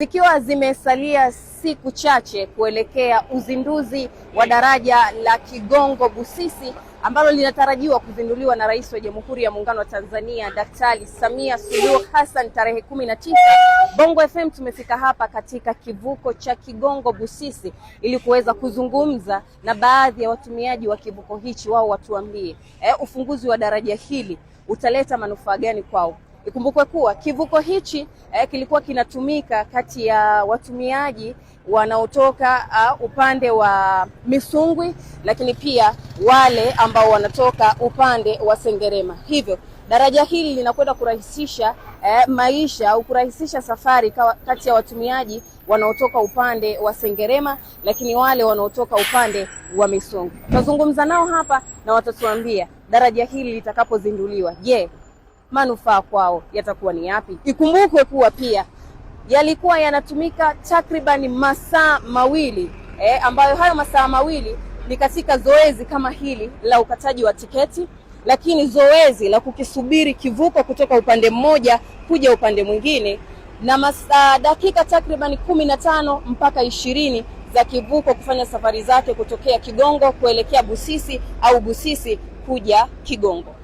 Zikiwa zimesalia siku chache kuelekea uzinduzi wa daraja la Kigongo Busisi ambalo linatarajiwa kuzinduliwa na Rais wa Jamhuri ya Muungano wa Tanzania Daktari Samia Suluhu Hassan tarehe kumi na tisa. Bongo FM tumefika hapa katika kivuko cha Kigongo Busisi ili kuweza kuzungumza na baadhi ya watumiaji wa kivuko hichi, wao watuambie eh, ufunguzi wa daraja hili utaleta manufaa gani kwao. Ikumbukwe kuwa kivuko hichi eh, kilikuwa kinatumika kati ya watumiaji wanaotoka uh, upande wa Misungwi, lakini pia wale ambao wanatoka upande wa Sengerema. Hivyo daraja hili linakwenda kurahisisha eh, maisha au kurahisisha safari kati ya watumiaji wanaotoka upande wa Sengerema, lakini wale wanaotoka upande wa Misungwi. Tunazungumza nao hapa na watatuambia daraja hili litakapozinduliwa, je, yeah manufaa kwao yatakuwa ni yapi? Ikumbukwe kuwa pia yalikuwa yanatumika takribani masaa mawili eh, ambayo hayo masaa mawili ni katika zoezi kama hili la ukataji wa tiketi, lakini zoezi la kukisubiri kivuko kutoka upande mmoja kuja upande mwingine na masaa dakika takribani kumi na tano mpaka ishirini za kivuko kufanya safari zake kutokea Kigongo kuelekea Busisi au Busisi kuja Kigongo.